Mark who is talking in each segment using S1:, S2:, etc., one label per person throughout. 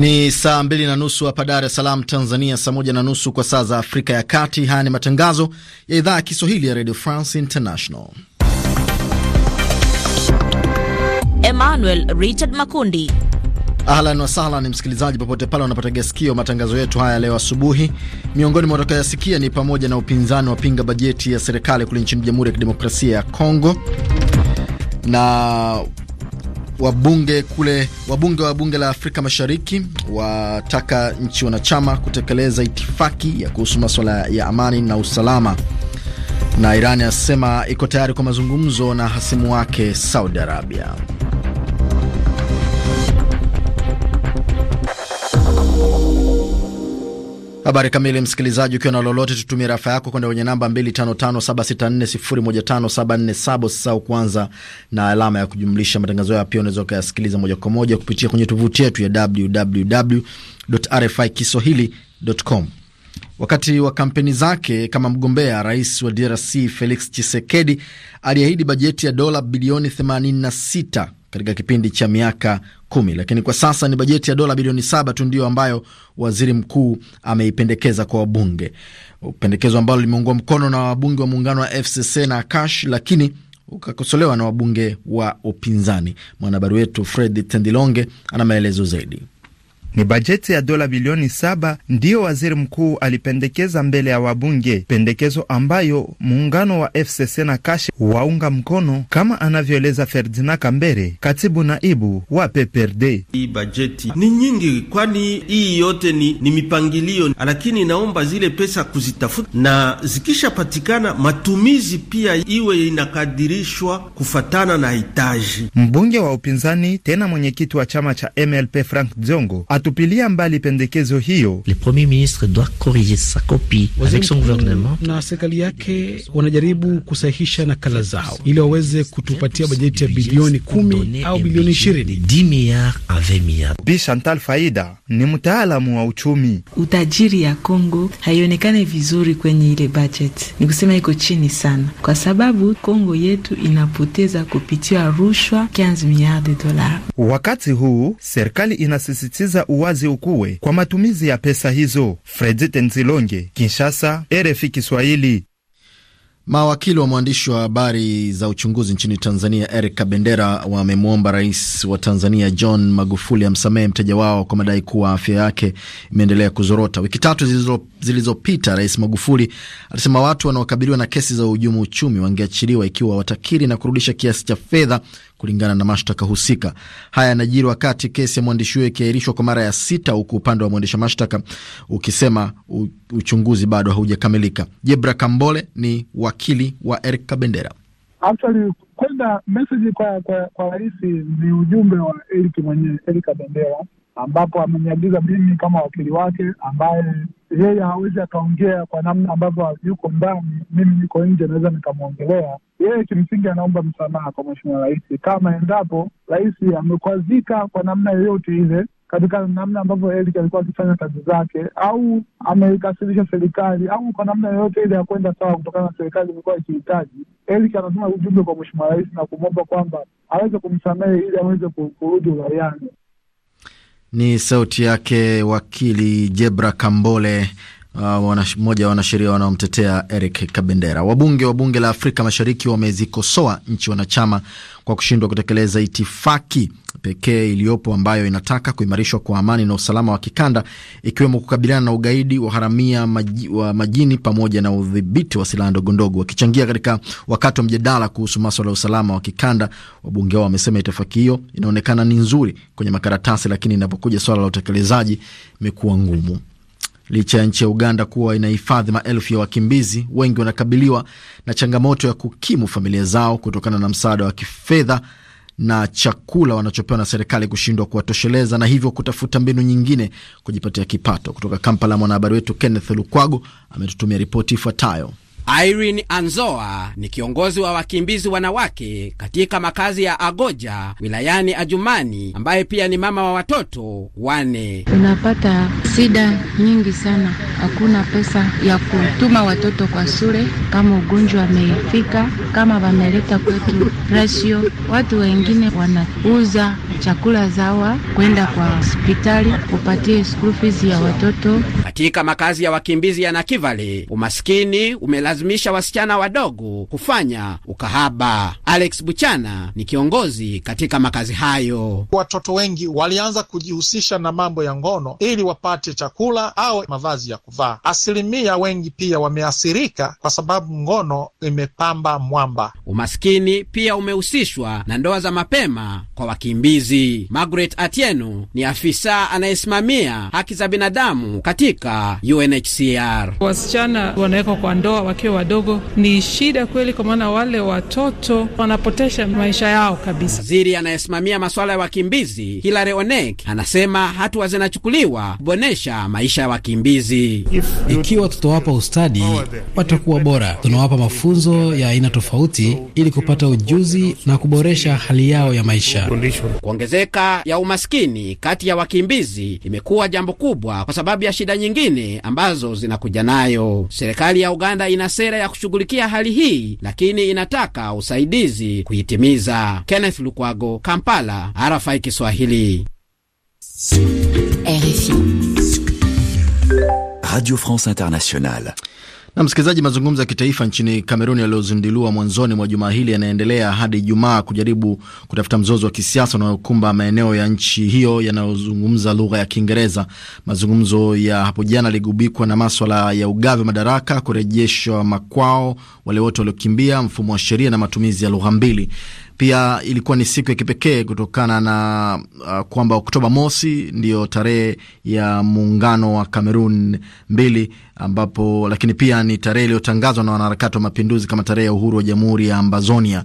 S1: Ni saa mbili na nusu hapa Dar es Salaam, Tanzania, saa moja na nusu kwa saa za Afrika ya Kati. Haya ni matangazo ya idhaa ya Kiswahili ya Radio France International.
S2: Emmanuel Richard Makundi.
S1: Ahlan wasahlan, msikilizaji popote pale unapotega sikio matangazo yetu haya leo asubuhi. Miongoni mwa utakayosikia ni pamoja na upinzani wapinga bajeti ya serikali kule nchini Jamhuri ya Kidemokrasia ya Kongo na Wabunge kule wabunge wa bunge la Afrika Mashariki wataka nchi wanachama kutekeleza itifaki ya kuhusu masuala ya amani na usalama, na Irani asema iko tayari kwa mazungumzo na hasimu wake Saudi Arabia. Habari kamili, msikilizaji, ukiwa na lolote, tutumie rafa yako kwenda kwenye namba 255764015747 sau kwanza na alama ya kujumlisha. Matangazo haya pia unaweza ukayasikiliza moja kwa moja kupitia kwenye tovuti yetu ya www.rfikiswahili.com. Wakati wa kampeni zake kama mgombea rais wa DRC Felix Tshisekedi aliahidi bajeti ya dola bilioni 86 katika kipindi cha miaka kumi, lakini kwa sasa ni bajeti ya dola bilioni saba tu ndiyo ambayo waziri mkuu ameipendekeza kwa wabunge, pendekezo ambalo limeungwa mkono na wabunge wa muungano wa FCC na Akash, lakini ukakosolewa na wabunge wa upinzani. Mwanahabari wetu Fred Tendilonge ana maelezo zaidi. Ni bajeti ya dola bilioni saba ndiyo waziri mkuu alipendekeza mbele
S3: ya wabunge, pendekezo ambayo muungano wa FCC na Kashe waunga mkono, kama anavyoeleza Ferdinand Kambere, katibu naibu wa PPRD. Hii bajeti
S4: ni nyingi, kwani hii yote ni, ni mipangilio, lakini inaomba zile pesa
S3: kuzitafuta na zikishapatikana matumizi pia iwe inakadirishwa kufatana na hitaji. Mbunge wa upinzani tena mwenyekiti wa chama cha MLP Frank Jongo anatupilia mbali pendekezo hiyo.
S5: Le premier ministre doit corriger sa copie
S4: avec son gouvernement. Na
S5: serikali yake
S4: wanajaribu kusahihisha nakala zao ili waweze
S3: kutupatia bajeti ya bilioni kumi au bilioni ishirini. Bi Chantal Faida ni mtaalamu wa uchumi.
S2: Utajiri ya Kongo haionekane vizuri kwenye ile budget, ni kusema iko chini sana, kwa sababu Kongo yetu inapoteza kupitia rushwa 15 miliardi dola.
S3: Wakati huu serikali inasisitiza uwazi ukuwe kwa matumizi ya pesa hizo. Fred Tenzilonge, Kinshasa,
S1: RFI Kiswahili. Mawakili wa mwandishi wa habari za uchunguzi nchini Tanzania Eric Kabendera wamemwomba rais wa Tanzania John Magufuli amsamehe mteja wao kwa madai kuwa afya yake imeendelea kuzorota. Wiki tatu zilizopita, Rais Magufuli alisema watu wanaokabiliwa na kesi za uhujumu uchumi wangeachiliwa ikiwa watakiri na kurudisha kiasi cha fedha kulingana na mashtaka husika. Haya yanajiri wakati kesi ya mwandishi huyo ikiahirishwa kwa mara ya sita, huku upande wa mwendesha mashtaka ukisema u, uchunguzi bado haujakamilika. Jebra Kambole ni wakili wa Eric Kabendera.
S5: Actually, kwenda meseji kwa kwa, kwa rais ni ujumbe wa Eric mwenyewe, Eric Kabendera ambapo ameniagiza mimi kama wakili wake ambaye yeye hawezi akaongea kwa namna ambavyo yuko ndani, mimi niko nje, naweza nikamwongelea yeye. Kimsingi anaomba msamaha kwa mheshimiwa rais, kama endapo rais amekwazika kwa namna yoyote ile katika namna ambavyo Eric alikuwa akifanya kazi zake, au ameikasirisha serikali, au kwa namna yoyote ile ya kwenda sawa, kutokana na serikali imekuwa ikihitaji. Eric anatuma ujumbe kwa mheshimiwa rais na kumwomba kwamba aweze kumsamehe ili aweze kurudi uraiani.
S1: Ni sauti yake wakili Jebra Kambole Uh, mmoja uh, wa wanasheria wanaomtetea Eric Kabendera. Wabunge wa bunge la Afrika Mashariki wamezikosoa nchi wanachama kwa kushindwa kutekeleza itifaki pekee iliyopo ambayo inataka kuimarishwa kwa amani na usalama wa kikanda, ikiwemo kukabiliana na ugaidi, waharamia maji, wa majini pamoja na udhibiti wa silaha ndogondogo. Wakichangia katika wakati wa mjadala kuhusu maswala ya usalama wa kikanda, wabunge hao wamesema itifaki hiyo inaonekana ni nzuri kwenye makaratasi, lakini inapokuja swala la utekelezaji imekuwa ngumu. Licha ya nchi ya Uganda kuwa inahifadhi maelfu ya wakimbizi, wengi wanakabiliwa na changamoto ya kukimu familia zao kutokana na msaada wa kifedha na chakula wanachopewa na serikali kushindwa kuwatosheleza na hivyo kutafuta mbinu nyingine kujipatia kipato. Kutoka Kampala, mwanahabari wetu Kenneth Lukwago ametutumia ripoti ifuatayo.
S2: Irene Anzoa ni kiongozi wa wakimbizi wanawake katika makazi ya Agoja wilayani Ajumani, ambaye pia ni mama wa watoto wane. Unapata shida nyingi sana, hakuna pesa ya kutuma watoto kwa shule, kama ugonjwa amefika, kama wameleta kwetu rasio, Watu wengine wanauza chakula zawa kwenda kwa hospitali kupatie school fees ya watoto. Katika makazi ya wakimbizi ya Nakivale umaskini umela kuwalazimisha wasichana wadogo kufanya ukahaba. Alex Buchana ni kiongozi katika makazi hayo. Watoto wengi walianza kujihusisha
S4: na mambo ya ngono ili wapate chakula au mavazi ya kuvaa. Asilimia wengi pia
S2: wameathirika kwa sababu ngono imepamba mwamba. Umaskini pia umehusishwa na ndoa za mapema kwa wakimbizi. Margaret atienu ni afisa anayesimamia haki za binadamu katika UNHCR. Wasichana wanawekwa kwa ndoa wakiwa wadogo ni shida kweli, kwa maana wale watoto wanapotesha maisha yao kabisa. Waziri anayesimamia masuala ya wakimbizi Hilary Onek anasema hatua zinachukuliwa kuboresha maisha ya wakimbizi. Ikiwa tutawapa ustadi, watakuwa bora. Tunawapa mafunzo ya aina tofauti ili kupata ujuzi na kuboresha hali yao ya maisha. Kuongezeka ya umaskini kati ya wakimbizi imekuwa jambo kubwa kwa sababu ya shida nyingine ambazo zinakuja nayo. Serikali ya Uganda ina sera ya kushughulikia hali hii, lakini inataka usaidizi kuitimiza. Kenneth Lukwago, Kampala, RFI Kiswahili.
S5: RFI Radio France Internationale.
S1: Na msikilizaji, mazungumzo ya kitaifa nchini Kameruni yaliyozinduliwa mwanzoni mwa jumaa hili yanaendelea hadi Ijumaa kujaribu kutafuta mzozo wa kisiasa unaokumba maeneo ya nchi hiyo yanayozungumza lugha ya Kiingereza. Mazungumzo ya hapo jana yaligubikwa na maswala ya ugavi madaraka, kurejeshwa makwao wale wote waliokimbia, mfumo wa sheria na matumizi ya lugha mbili. Pia ilikuwa ni siku ya kipekee kutokana na uh, kwamba Oktoba mosi ndiyo tarehe ya muungano wa Kamerun mbili ambapo lakini pia ni tarehe iliyotangazwa na wanaharakati wa mapinduzi kama tarehe ya uhuru wa jamhuri ya Ambazonia.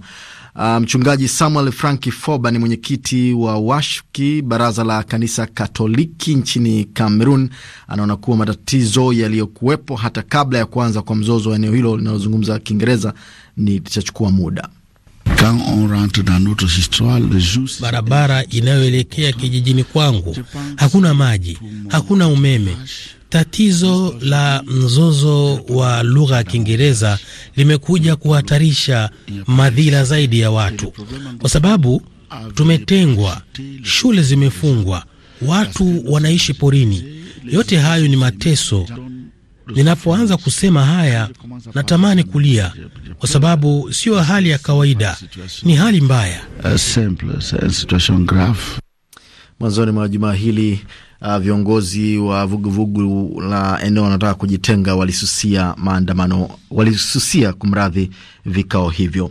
S1: Uh, mchungaji Samuel Franki Foba ni mwenyekiti wa Washki, baraza la kanisa Katoliki nchini cameron Anaona kuwa matatizo yaliyokuwepo hata kabla ya kuanza kwa mzozo wa eneo hilo linalozungumza Kiingereza ni litachukua muda. Quand on rentre dans notre histoire, le barabara
S4: inayoelekea kijijini kwangu hakuna maji, hakuna umeme. Tatizo la mzozo wa lugha ya Kiingereza limekuja kuhatarisha madhila zaidi ya watu, kwa sababu tumetengwa, shule zimefungwa, watu wanaishi porini. Yote hayo ni mateso Ninapoanza kusema haya, natamani kulia kwa sababu sio hali ya kawaida, ni hali mbaya.
S1: Mwanzoni mwa jumaa hili uh, viongozi wa vuguvugu vugu la eneo wanataka kujitenga walisusia maandamano, walisusia kumradhi, vikao hivyo.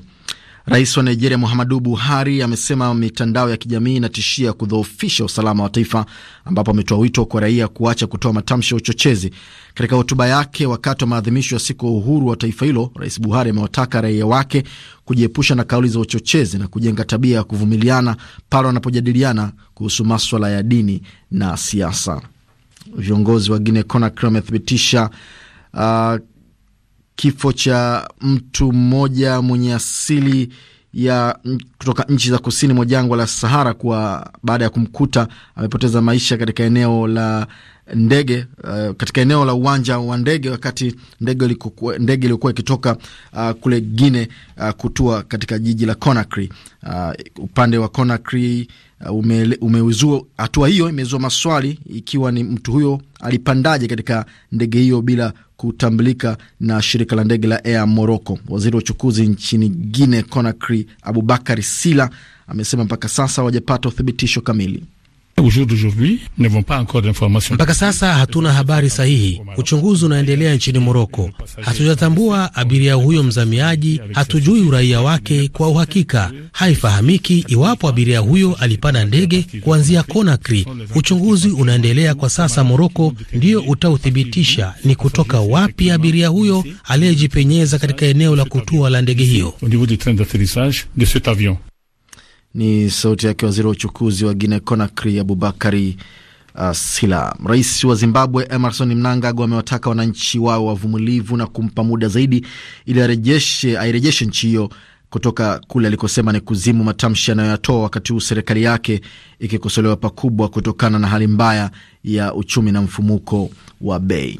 S1: Rais wa Nigeria Muhammadu Buhari amesema mitandao ya kijamii inatishia kudhoofisha usalama wa taifa, ambapo ametoa wito kwa raia kuacha kutoa matamshi ya uchochezi. Katika hotuba yake wakati wa maadhimisho ya siku ya uhuru wa taifa hilo, Rais Buhari amewataka raia wake kujiepusha na kauli za uchochezi na kujenga tabia ya kuvumiliana pale wanapojadiliana kuhusu maswala ya dini na siasa. Viongozi wa Guinea Conakry wamethibitisha uh, kifo cha mtu mmoja mwenye asili ya kutoka nchi za kusini mwa jangwa la Sahara kuwa baada ya kumkuta amepoteza maisha katika eneo la ndege uh, katika eneo la uwanja wa ndege wakati ndege iliyokuwa ikitoka uh, kule Guine uh, ah, kutua katika jiji la Conakry. Uh, upande wa Conakry uh, umeuzua hatua hiyo imezua maswali ikiwa ni mtu huyo alipandaje katika ndege hiyo bila kutambulika na shirika la ndege la Air Morocco. Waziri wa uchukuzi nchini Guine Conakry, Abubakar Sila amesema mpaka sasa wajapata uthibitisho kamili. Mpaka
S4: sasa hatuna habari sahihi. Uchunguzi unaendelea nchini Moroko. Hatujatambua abiria huyo mzamiaji, hatujui uraia wake kwa uhakika. Haifahamiki iwapo abiria huyo alipanda ndege kuanzia Conakry. Uchunguzi unaendelea kwa sasa Moroko ndio utauthibitisha ni kutoka wapi abiria huyo aliyejipenyeza katika eneo la kutua la ndege hiyo.
S1: Ni sauti yake waziri wa uchukuzi wa guine Conakry, Abubakari uh, Sila. Rais wa Zimbabwe Emerson Mnangagwa amewataka wananchi wao wavumilivu na kumpa muda zaidi ili airejeshe nchi hiyo kutoka kule alikosema ni kuzimu, matamshi anayoyatoa wakati huu serikali yake ikikosolewa pakubwa kutokana na hali mbaya ya uchumi na mfumuko wa bei.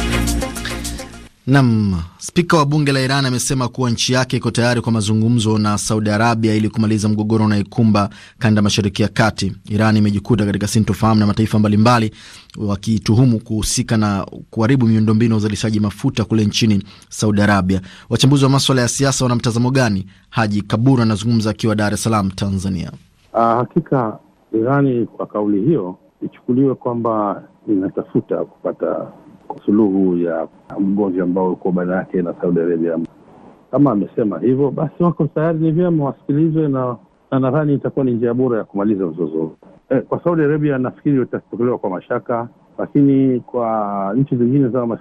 S1: Nam, spika wa bunge la Iran amesema kuwa nchi yake iko tayari kwa mazungumzo na Saudi Arabia ili kumaliza mgogoro unaoikumba kanda mashariki ya kati. Iran imejikuta katika sintofahamu na mataifa mbalimbali wakituhumu kuhusika na kuharibu miundombinu ya uzalishaji mafuta kule nchini Saudi Arabia. Wachambuzi wa maswala ya siasa wana mtazamo gani? Haji Kaburu anazungumza akiwa Dar es Salaam, Tanzania.
S6: Uh, hakika Irani kwa kauli hiyo ichukuliwe kwamba inatafuta kupata suluhu ya mgomvi ambao uko baina yake na Saudi Arabia. Kama amesema hivyo, basi wako tayari, ni vyema wasikilizwe, na na nadhani itakuwa ni njia bora ya kumaliza mzozo Eh, kwa Saudi Arabia nafikiri itapokelewa kwa mashaka, lakini kwa nchi zingine za uh,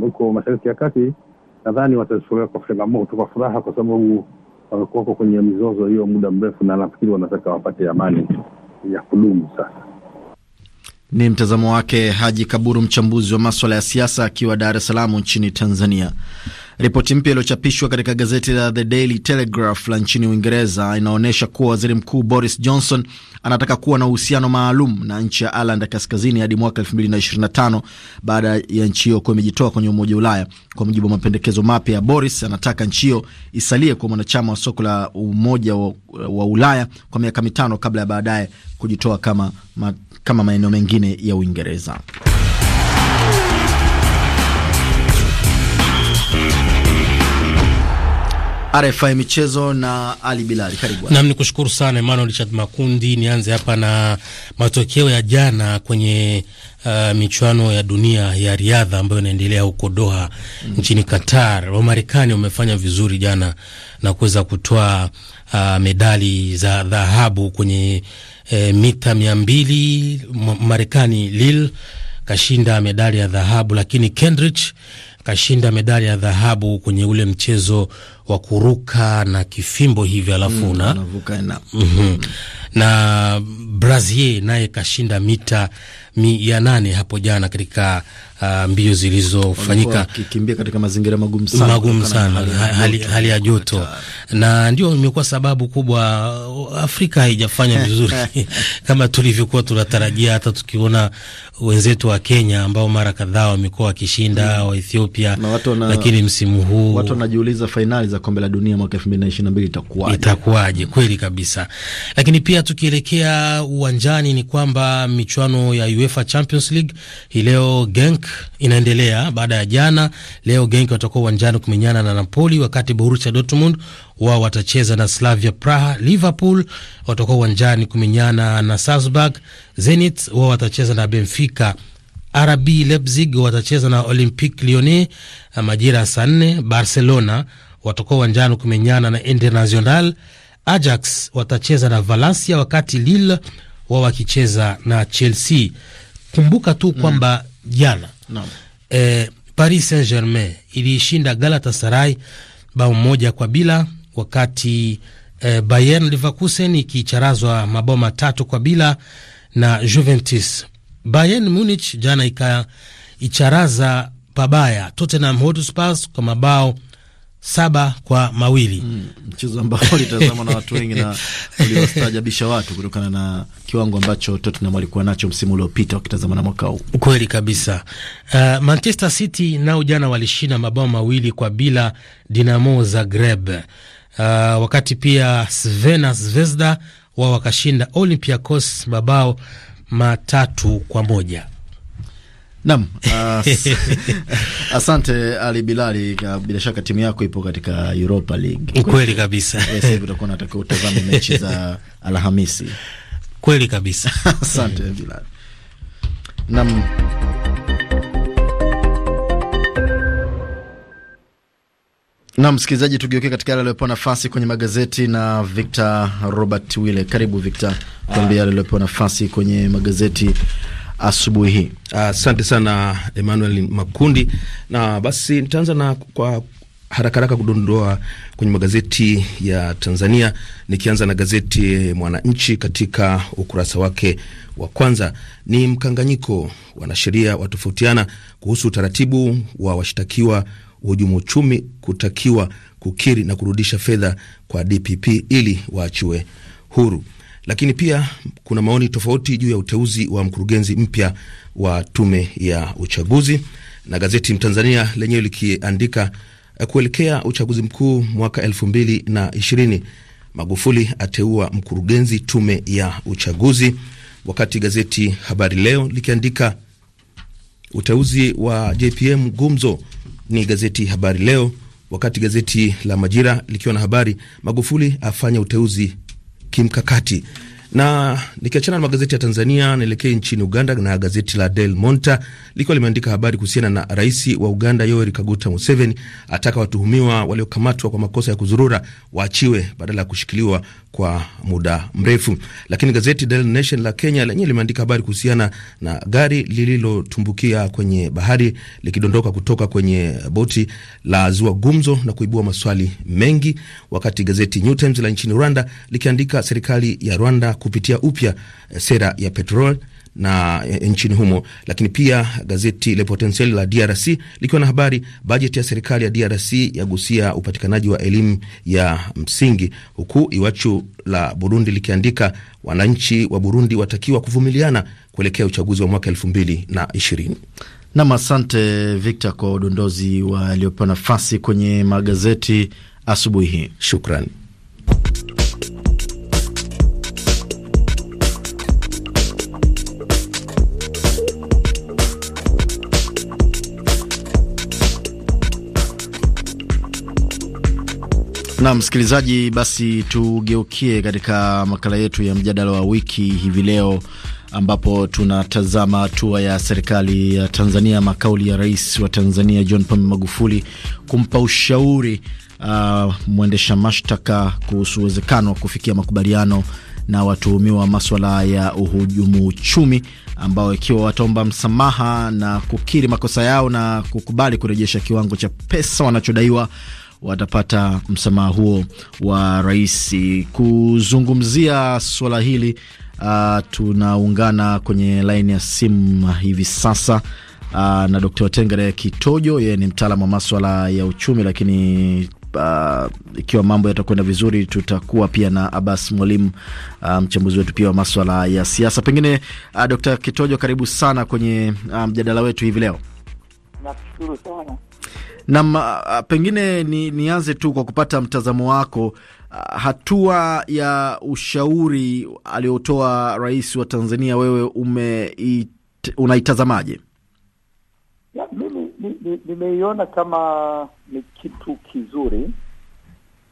S6: huko uh, mashariki ya kati nadhani watapokelewa kwa changamoto, kwa furaha, kwa sababu wamekuwako kwenye mizozo hiyo muda mrefu, na nafikiri wanataka wapate amani ya kudumu sasa.
S1: Ni mtazamo wake Haji Kaburu, mchambuzi wa maswala ya siasa akiwa Dar es Salaam nchini Tanzania. Ripoti mpya iliyochapishwa katika gazeti la The Daily Telegraph la nchini Uingereza inaonyesha kuwa waziri mkuu Boris Johnson anataka kuwa na uhusiano maalum na nchi ya Ireland ya Kaskazini hadi mwaka 2025 baada ya nchi hiyo kuwa imejitoa kwenye Umoja wa Ulaya. Kwa mujibu wa mapendekezo mapya ya Boris, anataka nchi hiyo isalie kwa mwanachama wa soko la Umoja wa, wa Ulaya kwa miaka mitano kabla ya baadaye kujitoa kama kama maeneo mengine ya Uingereza. RFI Michezo na Ali Bilali, karibu. ni
S4: kushukuru sana Emmanuel Richard Makundi. Nianze hapa na matokeo ya jana kwenye uh, michuano ya dunia ya riadha ambayo inaendelea huko Doha mm. nchini Qatar. Wamarekani wamefanya vizuri jana na kuweza kutoa uh, medali za dhahabu kwenye e, mita mia mbili Marekani Lil kashinda medali ya dhahabu, lakini Kendrich kashinda medali ya dhahabu kwenye ule mchezo wa kuruka na kifimbo hivyo alafu mm, na mm, hmm na mhm. Brazier naye kashinda mita mia nane hapo jana katika uh, mbio zilizofanyika
S1: kikimbia katika mazingira magumu sana, magumu sana, hali hali
S4: ya joto, na ndio imekuwa sababu kubwa Afrika haijafanya vizuri kama tulivyokuwa tunatarajia, hata tukiona wenzetu wa Kenya ambao mara kadhaa wamekuwa wakishinda hmm, wa Ethiopia na, lakini
S1: msimu huu watu wanajiuliza fainali za kombe la dunia mwaka 2022 itakuwaje? Itakuwaje? Kweli kabisa.
S4: Lakini pia tukielekea uwanjani ni kwamba michuano ya UEFA Champions League hii leo Genk inaendelea baada ya jana. Leo Genk watakuwa uwanjani kumenyana na Napoli, wakati Borussia Dortmund wao watacheza na Slavia Praha. Liverpool watakuwa uwanjani kumenyana na Salzburg. Zenit wao watacheza na Benfica. RB Leipzig watacheza na Olympique Lyonnais majira ya saa nne. Barcelona watakuwa uwanjani kumenyana na Internacional. Ajax watacheza na Valencia, wakati Lille wao wakicheza na Chelsea. Kumbuka tu mm. kwamba jana mm no. E, eh, Paris Saint Germain iliishinda Galatasaray bao moja kwa bila, wakati e, Bayern Leverkusen ikicharazwa mabao matatu kwa bila na Juventus. Bayern Munich jana ikaicharaza pabaya Tottenham Hotspur kwa mabao saba kwa mawili mm, mchezo ambao ulitazamwa na watu wengi na uliwastaajabisha
S1: watu kutokana na kiwango ambacho Tottenham walikuwa nacho msimu uliopita
S4: wakitazama na mwaka huu. Kweli kabisa. Uh, Manchester City nao jana walishinda mabao mawili kwa bila Dinamo Zagreb. Uh, wakati pia Svena Zvezda wao wakashinda Olympiacos mabao matatu kwa moja. Naam, uh,
S1: asante Ali Bilali. Bila shaka timu yako ipo katika Europa League. Kweli kabisa. utakuwa utazame mechi za Alhamisi. Kweli kabisa. Asante Bilali. Naam. Na msikilizaji, tugeuke katika yale aliyopewa nafasi kwenye magazeti na Victor Robert Wille. Karibu Victor, tuambie yale aliyopewa nafasi kwenye magazeti asubuhi hii. Asante uh, sana Emmanuel Makundi, na basi nitaanza na
S3: kwa haraka haraka kudondoa kwenye magazeti ya Tanzania, nikianza na gazeti Mwananchi. Katika ukurasa wake wa kwanza ni mkanganyiko, wanasheria watofautiana kuhusu utaratibu wa washtakiwa uhujumu uchumi kutakiwa kukiri na kurudisha fedha kwa DPP ili waachiwe huru. Lakini pia kuna maoni tofauti juu ya uteuzi wa mkurugenzi mpya wa tume ya uchaguzi. Na gazeti Mtanzania lenyewe likiandika eh, kuelekea uchaguzi mkuu mwaka elfu mbili na ishirini, Magufuli ateua mkurugenzi tume ya uchaguzi, wakati gazeti Habari Leo likiandika uteuzi wa JPM gumzo. Ni gazeti Habari Leo, wakati gazeti la Majira likiwa na habari Magufuli afanya uteuzi kimkakati. Na nikiachana na magazeti ya Tanzania, nielekee nchini Uganda na gazeti la Del Monta likiwa limeandika habari kuhusiana na rais wa Uganda Yoweri Kaguta Museveni ataka watuhumiwa waliokamatwa kwa makosa ya kuzurura waachiwe badala ya kushikiliwa kwa muda mrefu. Lakini gazeti Daily Nation la Kenya lenyewe limeandika habari kuhusiana na gari lililotumbukia kwenye bahari likidondoka kutoka kwenye boti la zua gumzo na kuibua maswali mengi, wakati gazeti New Times la nchini Rwanda likiandika serikali ya Rwanda kupitia upya eh, sera ya petrol na eh, nchini humo, lakini pia gazeti Le Potentiel la DRC likiwa na habari bajeti ya serikali ya DRC yagusia upatikanaji wa elimu ya msingi, huku Iwachu la Burundi likiandika wananchi wa Burundi watakiwa kuvumiliana kuelekea uchaguzi wa mwaka
S1: elfu mbili na ishirini. Nam, asante Victor kwa udondozi waliopewa nafasi kwenye magazeti asubuhi hii, shukran. Na msikilizaji, basi tugeukie katika makala yetu ya mjadala wa wiki hivi leo ambapo tunatazama hatua ya serikali ya Tanzania, makauli ya rais wa Tanzania John Pombe Magufuli kumpa ushauri uh, mwendesha mashtaka kuhusu uwezekano wa kufikia makubaliano na watuhumiwa maswala ya uhujumu uchumi ambao ikiwa wataomba msamaha na kukiri makosa yao na kukubali kurejesha kiwango cha pesa wanachodaiwa watapata msamaha huo wa rais. Kuzungumzia suala hili uh, tunaungana kwenye laini ya simu hivi sasa uh, na Dkt. Tengere Kitojo, yeye ni mtaalamu wa maswala ya uchumi, lakini Uh, ikiwa mambo yatakwenda vizuri tutakuwa pia na Abbas Mwalimu uh, mchambuzi wetu pia wa maswala ya siasa. Pengine uh, Dkt. Kitojo, karibu sana kwenye uh, mjadala um, wetu hivi leo. sana. Nam, uh, uh, pengine nianze ni tu kwa kupata mtazamo wako uh, hatua ya ushauri aliyotoa rais wa Tanzania, wewe ume unaitazamaje?
S5: Mimi nimeiona kama ni kitu kizuri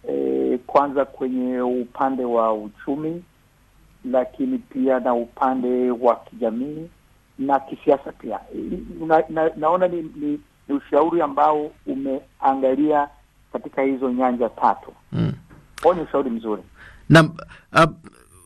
S5: e, kwanza kwenye upande wa uchumi, lakini pia na upande wa kijamii na kisiasa pia na, na, naona ni, ni ni ushauri ambao umeangalia katika hizo nyanja tatu. Mm. Huo ni ushauri mzuri
S1: na uh,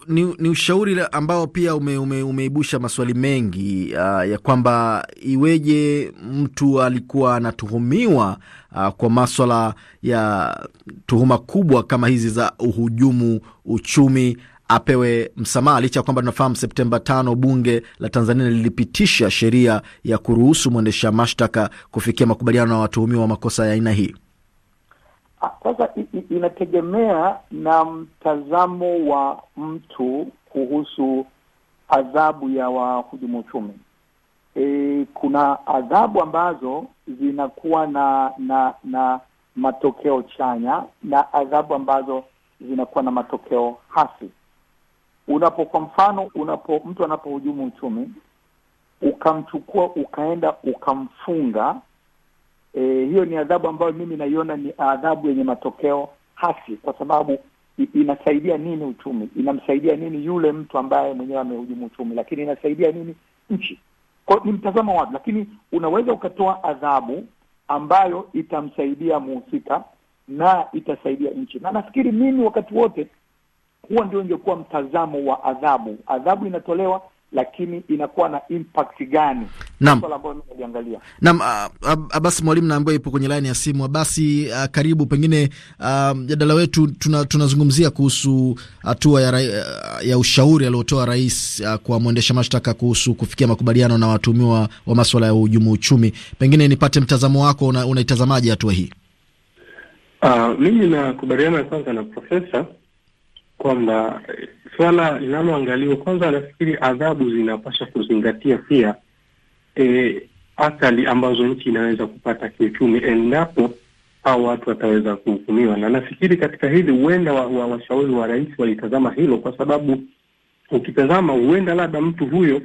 S1: ni, ni ushauri ambao pia ume, ume, umeibusha maswali mengi uh, ya kwamba iweje mtu alikuwa anatuhumiwa uh, kwa maswala ya tuhuma kubwa kama hizi za uhujumu uchumi apewe msamaha, licha ya kwamba tunafahamu Septemba tano bunge la Tanzania lilipitisha sheria ya kuruhusu mwendesha mashtaka kufikia makubaliano na watuhumiwa wa makosa ya aina hii.
S5: Sasa ah, inategemea na mtazamo wa mtu kuhusu adhabu ya wahujumu uchumi. E, kuna adhabu ambazo zinakuwa na na na matokeo chanya na adhabu ambazo zinakuwa na matokeo hasi unapo kwa mfano unapo mtu anapohujumu uchumi ukamchukua ukaenda ukamfunga e, hiyo ni adhabu ambayo mimi naiona ni adhabu yenye matokeo hasi kwa sababu inasaidia nini uchumi inamsaidia nini yule mtu ambaye mwenyewe amehujumu uchumi lakini inasaidia nini nchi kwao ni mtazamo watu lakini unaweza ukatoa adhabu ambayo itamsaidia muhusika na itasaidia nchi na nafikiri mimi wakati wote huo ndio ingekuwa mtazamo wa adhabu. Adhabu inatolewa lakini inakuwa na impact gani? Naam,
S1: naam. Abasi Mwalimu naambiwa ipo kwenye laini ya simu. Abasi, uh, karibu. Pengine mjadala uh, wetu tunazungumzia tuna kuhusu hatua ya, ya ushauri aliotoa rais uh, kwa mwendesha mashtaka kuhusu kufikia makubaliano na watumiwa wa maswala ya uhujumu uchumi. Pengine nipate mtazamo wako, unaitazamaje una hatua hii?
S6: Uh, mimi nakubaliana kwanza na profesa kwamba eh, swala linaloangaliwa kwanza, nafikiri adhabu zinapaswa kuzingatia pia e, athari ambazo nchi inaweza kupata kiuchumi endapo au watu wataweza kuhukumiwa, na nafikiri katika hili huenda washauri wa, wa, wa rais walitazama hilo, kwa sababu ukitazama huenda labda mtu huyo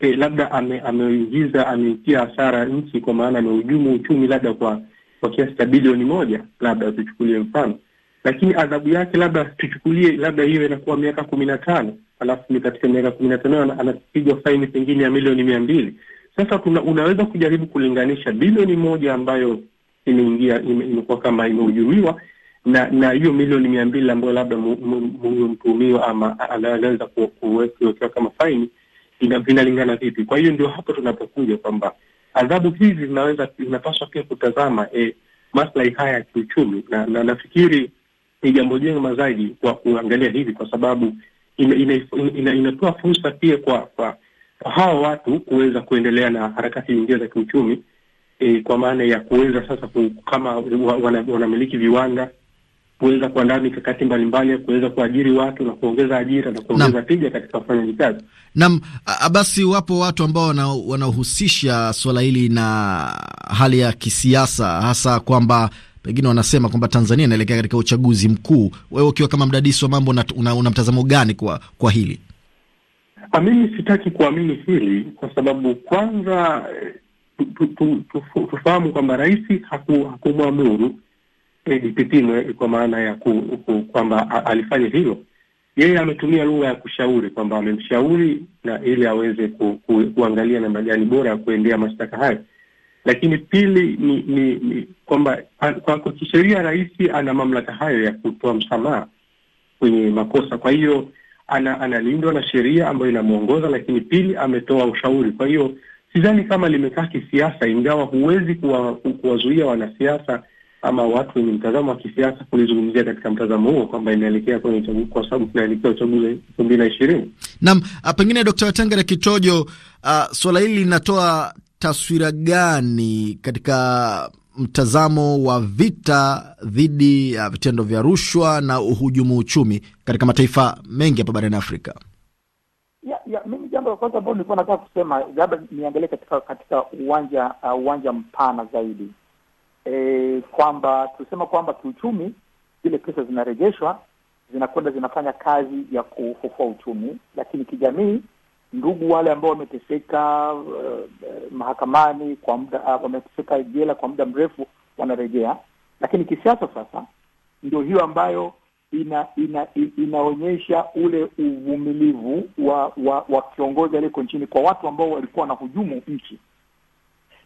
S6: e, labda ameingiza ame ameitia hasara nchi, kwa maana amehujumu uchumi labda kwa kwa kiasi cha bilioni moja, labda tuchukulie mfano lakini adhabu yake labda tuchukulie, labda hiyo inakuwa miaka kumi na tano alafu ni katika miaka kumi na tano anapigwa faini pengine ya milioni mia mbili. Sasa tuna, unaweza kujaribu kulinganisha bilioni moja ambayo imeingia imekuwa kama imehujumiwa na na hiyo milioni mia mbili ambayo labda huyo mtuhumiwa ama anaweza kuwekewa kama faini vinalingana vipi? Kwa hiyo ndio hapo tunapokuja kwamba adhabu hizi zinaweza zinapaswa pia kutazama e, maslahi haya ya kiuchumi na, na nafikiri ni jambo jema zaidi kwa kuangalia hivi, kwa sababu inatoa ina, ina, ina, fursa pia kwa, kwa hawa watu kuweza kuendelea na harakati nyingine za kiuchumi e, kwa maana ya kuweza sasa ku, kama wanamiliki wana viwanda kuweza kuandaa mikakati mbalimbali ya kuweza kuajiri watu na kuongeza ajira na kuongeza tija katika ufanyaji kazi.
S1: Naam, basi wapo watu ambao wanahusisha suala hili na hali ya kisiasa hasa kwamba pengine wanasema kwamba Tanzania inaelekea katika uchaguzi mkuu. Wewe ukiwa kama mdadisi wa mambo una, una, mtazamo gani kwa kwa hili?
S6: Ah, mimi sitaki kuamini hili kwa sababu kwanza eh, tufahamu kwamba rais hakumwamuru eh, ipipimwe kwa maana ya kwamba alifanya hilo yeye ametumia lugha ya kushauri kwamba amemshauri na ili aweze ku, ku, kuangalia namna gani bora ya kuendea mashtaka hayo. Lakini pili ni, ni, ni kwamba kwa kisheria rais ana mamlaka hayo ya kutoa msamaha kwenye makosa, kwa hiyo ana, analindwa na sheria ambayo inamwongoza, lakini pili ametoa ushauri. Kwa hiyo sidhani kama limekaa kisiasa, ingawa huwezi kuwazuia wanasiasa ama watu wenye mtazamo wa kisiasa kulizungumzia katika mtazamo huo kwamba inaelekea kwenye uchaguzi, kwa sababu tunaelekea uchaguzi elfu mbili na ishirini.
S1: Naam, ah, pengine Dkt. Wetang'ala Kitojo, uh, ah, suala hili linatoa taswira gani katika mtazamo wa vita dhidi ya vitendo vya rushwa na uhujumu uchumi katika mataifa mengi hapa barani Afrika?
S5: Ya, ya, mimi jambo la kwanza ambalo nilikuwa nataka kusema labda niangalie katika katika uwanja uh, uwanja mpana zaidi e, kwamba tusema kwamba kiuchumi zile pesa zinarejeshwa zinakwenda zinafanya kazi ya kufufua uchumi, lakini kijamii ndugu wale ambao wameteseka uh, mahakamani kwa muda uh, wameteseka jela kwa muda mrefu wanarejea. Lakini kisiasa sasa ndio hiyo ambayo ina, ina, ina, inaonyesha ule uvumilivu wa wa, wa kiongozi aliyeko nchini kwa watu ambao walikuwa hujumu nchi,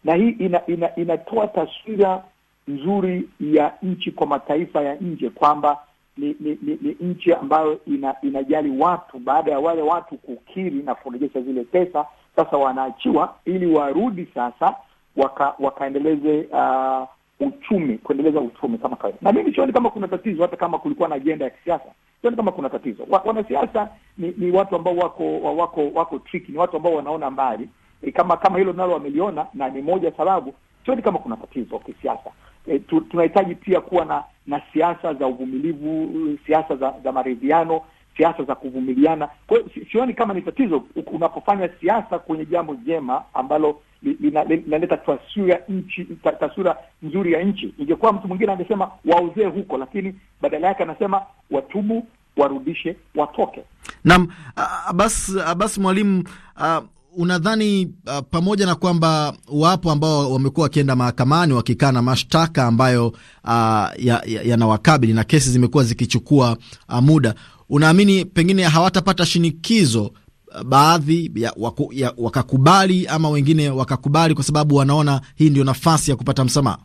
S5: na hii ina, ina, inatoa taswira nzuri ya nchi kwa mataifa ya nje kwamba ni ni, ni, ni nchi ambayo ina, inajali watu. Baada ya wale watu kukiri na kurejesha zile pesa, sasa wanaachiwa ili warudi sasa waka, wakaendeleze uh, uchumi, kuendeleza uchumi kama kawaida. Na mimi sioni kama kuna tatizo, hata kama kulikuwa na ajenda ya kisiasa sioni kama kuna tatizo. Wanasiasa ni, ni watu ambao wako wako wako tricky, ni watu ambao wanaona mbali. E, kama kama hilo nalo wameliona na ni moja sababu, sioni kama kuna tatizo kisiasa e, tu, tunahitaji pia kuwa na na siasa za uvumilivu, siasa za, za maridhiano, siasa za kuvumiliana. kwao sioni kama ni tatizo unapofanya siasa kwenye jambo jema ambalo linaleta li, li, li, taswira taswira nzuri ya nchi. Ingekuwa mtu mwingine angesema wauzee huko, lakini badala yake anasema watubu warudishe watoke.
S1: Naam, abas Mwalimu, unadhani uh, pamoja na kwamba wapo ambao wamekuwa wakienda mahakamani wakikaa na mashtaka ambayo uh, yanawakabili ya, ya na kesi zimekuwa zikichukua uh, muda, unaamini pengine hawatapata shinikizo uh, baadhi ya, waku, ya, wakakubali ama wengine wakakubali kwa sababu wanaona hii ndio nafasi ya kupata msamaha?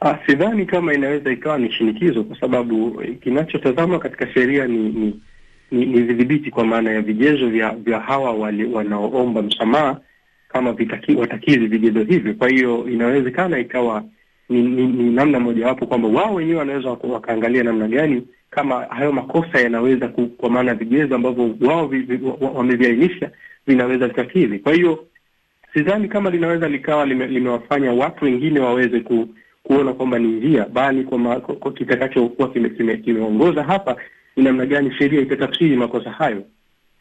S6: Ah, sidhani kama inaweza ikawa ni shinikizo, kwa sababu eh, kinachotazama katika sheria ni, ni ni, ni vidhibiti kwa maana ya vigezo vya, vya hawa wali, wanaoomba msamaha kama vitaki, watakizi vigezo hivyo. Kwa hiyo inawezekana ikawa ni, ni, ni namna mojawapo kwamba wao wenyewe wanaweza wakaangalia namna gani kama hayo makosa yanaweza kwa maana vigezo ambavyo wao wameviainisha vinaweza vikakidhi. Kwa hiyo sidhani kama linaweza likawa limewafanya lime watu wengine waweze ku, kuona kwamba ni njia, bali kwa kitakachokuwa kimeongoza kime, kime hapa ni namna gani sheria itatafsiri makosa hayo,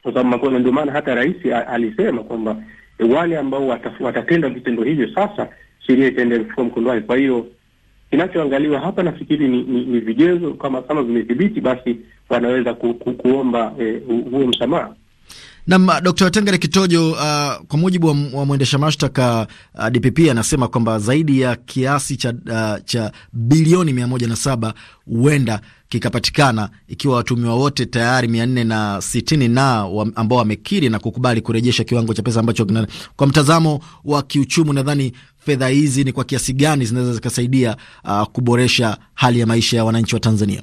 S6: kwa sababu makosa. Ndio maana hata rais alisema kwamba wale ambao watatenda vitendo hivyo, sasa sheria itaenda kuchukua mkondo wake. Kwa hiyo kinachoangaliwa hapa nafikiri ni, ni, ni vigezo kama kama vimethibiti, basi wanaweza ku, ku, kuomba eh, huo msamaha.
S1: Nam uh, Dkt. Tengere Kitojo, uh, kwa mujibu wa, wa mwendesha mashtaka uh, DPP anasema kwamba zaidi ya kiasi cha, uh, cha bilioni mia moja na saba huenda kikapatikana ikiwa watumiwa wote tayari mia nne na sitini na ambao wamekiri na kukubali kurejesha kiwango cha pesa ambacho kina. Kwa mtazamo wa kiuchumi, nadhani fedha hizi ni kwa kiasi gani zinaweza zikasaidia uh, kuboresha hali ya maisha ya wananchi wa Tanzania?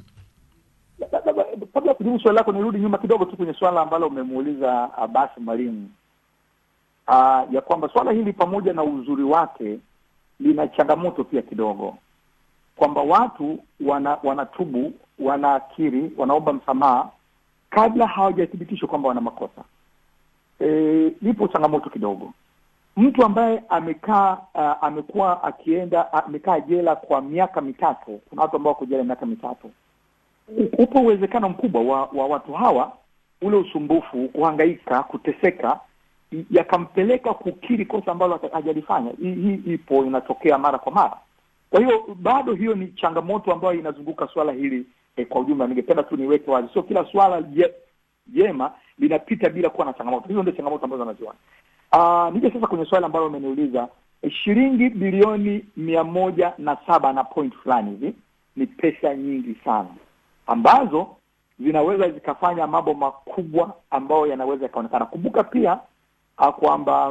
S5: Kabla ya kujibu swali lako, nirudi nyuma kidogo tu kwenye swala ambalo umemuuliza ah, Abbas Mwalimu, uh, ya kwamba swala hili pamoja na uzuri wake lina changamoto pia kidogo kwamba watu wana, wanatubu wanaakiri, wanaomba msamaha kabla hawajathibitishwa kwamba wana makosa. E, lipo changamoto kidogo. Mtu ambaye amekaa uh, amekuwa akienda amekaa jela kwa miaka mitatu, kuna watu ambao wako jela miaka mitatu, upo uwezekano mkubwa wa, wa watu hawa ule usumbufu, kuhangaika, kuteseka yakampeleka kukiri kosa ambalo hajalifanya. Hii ipo, inatokea mara kwa mara. Kwa hiyo bado hiyo ni changamoto ambayo inazunguka swala hili eh, kwa ujumla. Ningependa tu niweke wazi, sio kila swala jema linapita bila kuwa na changamoto. Hizo ndio changamoto ambazo naziona. Uh, nije sasa kwenye swali ambalo umeniuliza eh, shilingi bilioni mia moja na saba na point fulani hivi ni pesa nyingi sana ambazo zinaweza zikafanya mambo makubwa ambayo yanaweza yakaonekana. Kumbuka pia ah, kwamba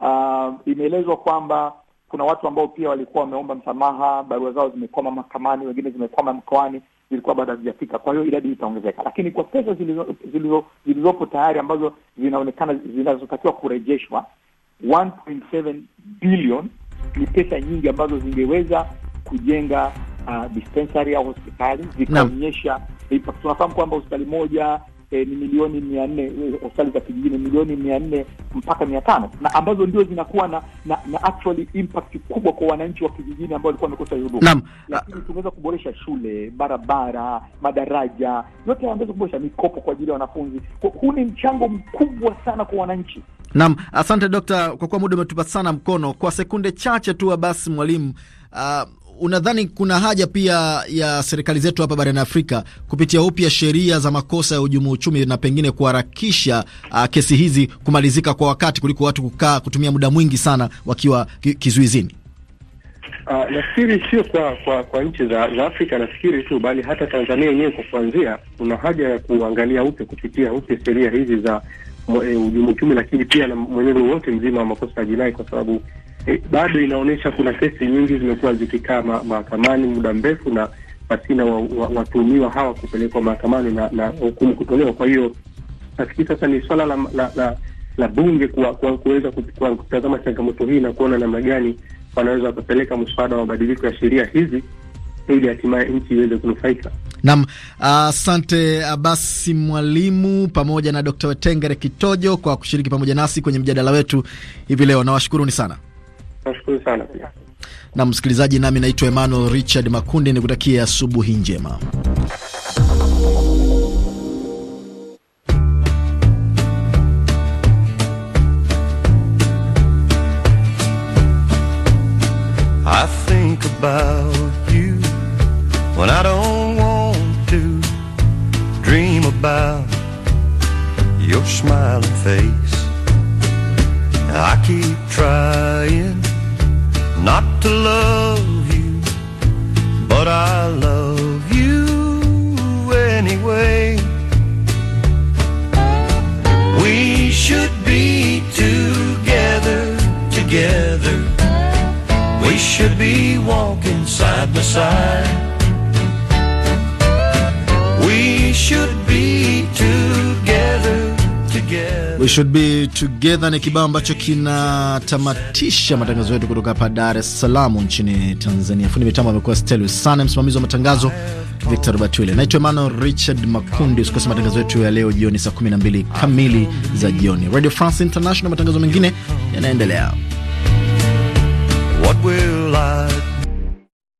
S5: uh, imeelezwa kwamba kuna watu ambao pia walikuwa wameomba msamaha, barua zao zimekwama mahakamani, wengine zimekwama mkoani, zilikuwa bado hazijafika. Kwa hiyo idadi hii itaongezeka, lakini kwa pesa zilizopo zilizo, zilizo tayari ambazo zinaonekana zinazotakiwa kurejeshwa 1.7 ni pesa nyingi ambazo zingeweza kujenga uh, dispensary au hospitali zikaonyesha. Tunafahamu kwamba hospitali moja Eh, ni milioni mia nne eh, hospitali za kijijini milioni mia nne mpaka mia tano na ambazo ndio zinakuwa na, na, na actually impact kubwa kwa wananchi wa kijijini ambao walikuwa wamekosa huduma, lakini tumeweza kuboresha shule, barabara, madaraja yote ambazo kuboresha mikopo kwa ajili ya wanafunzi. Huu ni mchango mkubwa sana kwa wananchi.
S1: Naam, asante Dokta, kwa kuwa muda umetupa sana mkono. Kwa sekunde chache tu basi, mwalimu uh, unadhani kuna haja pia ya serikali zetu hapa barani Afrika kupitia upya sheria za makosa ya uhujumu uchumi na pengine kuharakisha uh, kesi hizi kumalizika kwa wakati kuliko watu kukaa kutumia muda mwingi sana wakiwa kizuizini?
S6: Uh, nafikiri sio kwa kwa, kwa nchi za, za Afrika nafikiri tu, bali hata Tanzania yenyewe kwa kuanzia, kuna haja ya kuangalia upya, kupitia upya sheria hizi za eh, uhujumu uchumi, lakini pia na mwenendo wote mzima wa makosa ya jinai, kwa sababu Eh, bado inaonyesha kuna kesi nyingi zimekuwa zikikaa mahakamani muda mrefu na pasina watuhumiwa wa, hawa kupelekwa mahakamani na, na hukumu kutolewa. Kwa hiyo nafikiri sasa ni swala la, la, la, la bunge kuweza kutazama changamoto hii na kuona namna gani wanaweza wakapeleka mswada wa mabadiliko ya sheria hizi ili hatimaye nchi iweze kunufaika.
S1: Naam, asante uh, Abasi Mwalimu pamoja na Dr. Wetengere Kitojo kwa kushiriki pamoja nasi kwenye mjadala wetu hivi leo. Nawashukuruni sana.
S6: Nashukuru sana pia
S1: na msikilizaji, nami naitwa Emmanuel Richard Makundi, nikutakia asubuhi njema.
S6: I keep trying not to love you, but I love you anyway. We should be together, together. We should be walking side by side. We should
S1: We should be together ni kibao ambacho kinatamatisha matangazo yetu kutoka hapa Dar es Salaam nchini Tanzania. Fundi mitambo amekuwa Stelus Sane, msimamizi wa matangazo Victor Batwile. Naitwa Emmanuel Richard Makundi. Usikose matangazo yetu ya leo jioni saa 12 kamili za jioni. Radio France International, matangazo mengine
S5: yanaendelea. What will I